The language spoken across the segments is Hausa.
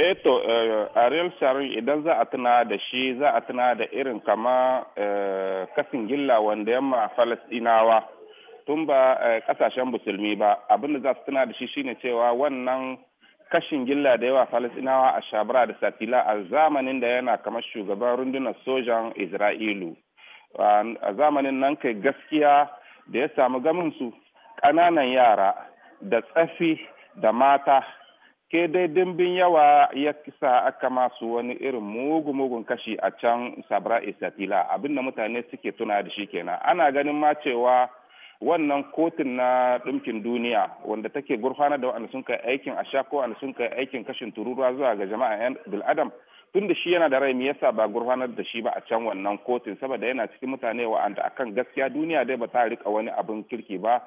eto eh uh, eh, ariel sharon idan za a tuna da shi za a tuna da irin kama eh, kasin gilla wanda yamma falastinawa tun ba kasashen musulmi ba abinda za su tuna da shi shine cewa wannan kashin gilla da yawa falastinawa a shabara da satila a zamanin da yana kamar shugaban rundunar sojan isra'ilu a zamanin nan kai gaskiya da ya samu gaminsu ƙananan yara da tsafi da mata ke dai dimbin yawa ya kisa aka masu wani irin mugu-mugun kashi a can sabra isatila abin da mutane suke tuna da shi kenan ana ganin ma cewa wannan kotun na ɗumkin duniya wanda take gurfana da waɗanda sun kai aikin a sha ko sun kai aikin kashin tururuwa zuwa ga jama'a 'yan bil'adam tunda shi yana da rai me yasa ba gurfanar da shi ba a can wannan kotun saboda yana cikin mutane wa'anda akan gaskiya duniya dai ba ta rika wani abin kirki ba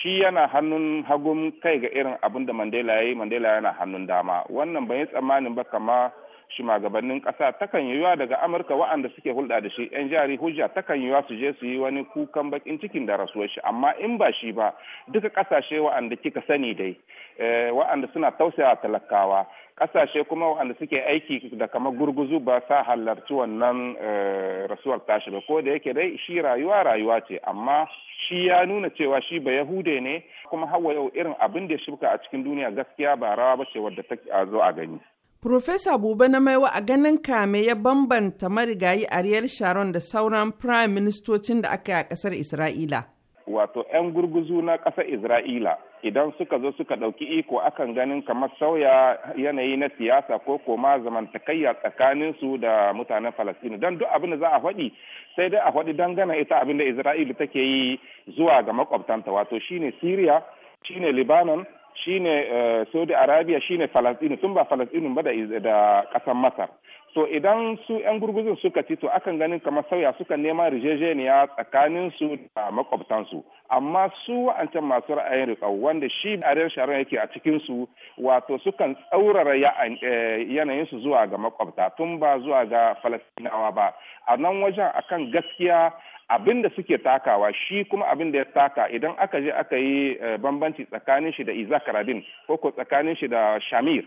shi yana hannun hagun kai ga irin abin da Mandela ya yi Mandela yana hannun dama wannan ban yi tsammanin ba kama shugabannin kasa takan yiwuwa daga amurka wa'anda suke hulɗa da shi yan jari hujja takan yiwuwa su je su yi wani kukan bakin cikin da rasuwar shi amma in ba shi ba duka kasashe wa'anda kika sani dai eh, wa'anda suna tausaya talakawa kasashe kuma wanda suke aiki da kamar gurguzu ba sa halarci wannan eh, rasuwar tashi ba ko da yake dai shi rayuwa rayuwa ce amma shi ya nuna cewa shi ba yahude ne kuma hawa yau irin abin da shuka a cikin duniya gaskiya ba rawa ba ce wadda ta zo a gani Profesa Buba na maiwa a ganin kame ya bambanta marigayi Ariel Sharon da sauran prime ministocin da aka yi a ƙasar Isra'ila. wato 'yan gurguzu na ƙasar Isra'ila idan suka zo suka ɗauki iko akan ganin kamar sauya yanayi na siyasa ko koma zamantakayya tsakanin su da mutanen Falastinu don duk abin da za a faɗi sai dai a faɗi dangana ita abin da Isra'ila take yi zuwa ga makwabtanta wato shine Syria shine libanon shine eh, Saudi Arabia shine Falastinu sun ba Falastinu ba da kasar Masar so idan su 'yan gurguzin suka ci to akan ganin kamar sauya suka nema rijejeniya tsakanin su da makwabtansu amma su wa'ancan masu ra'ayin riƙau wanda shi ariyar sharon yake a cikin su wato sukan tsaurara eh, yanayin su zuwa ga makwabta tun ba zuwa ga falastinawa ba a nan wajen akan gaskiya abin da suke takawa shi kuma abin da ya taka idan aka je aka yi eh, bambanci tsakanin shi da Rabin ko ko tsakanin shi da shamir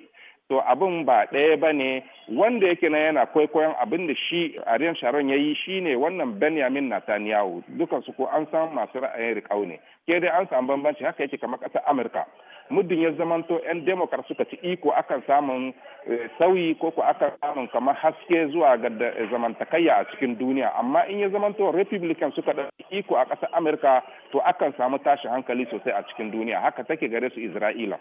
to abin ba ɗaya ba ne wanda yake na yana kwaikwayon abin da shi Ariyan Sharon ya yi shi ne wannan Benjamin Netanyahu dukansu ko an san masu ra'ayin riƙau ne ke dai an samu bambanci haka yake kamar ƙasar Amurka muddin ya zamanto 'yan demokar suka ci iko akan samun eh, sauyi ko ko akan samun kamar haske zuwa ga eh, zamantakayya a cikin duniya amma in ya zamanto republican suka da iko a ƙasar amurka to akan samu tashin hankali sosai a cikin duniya haka take gare su isra'ila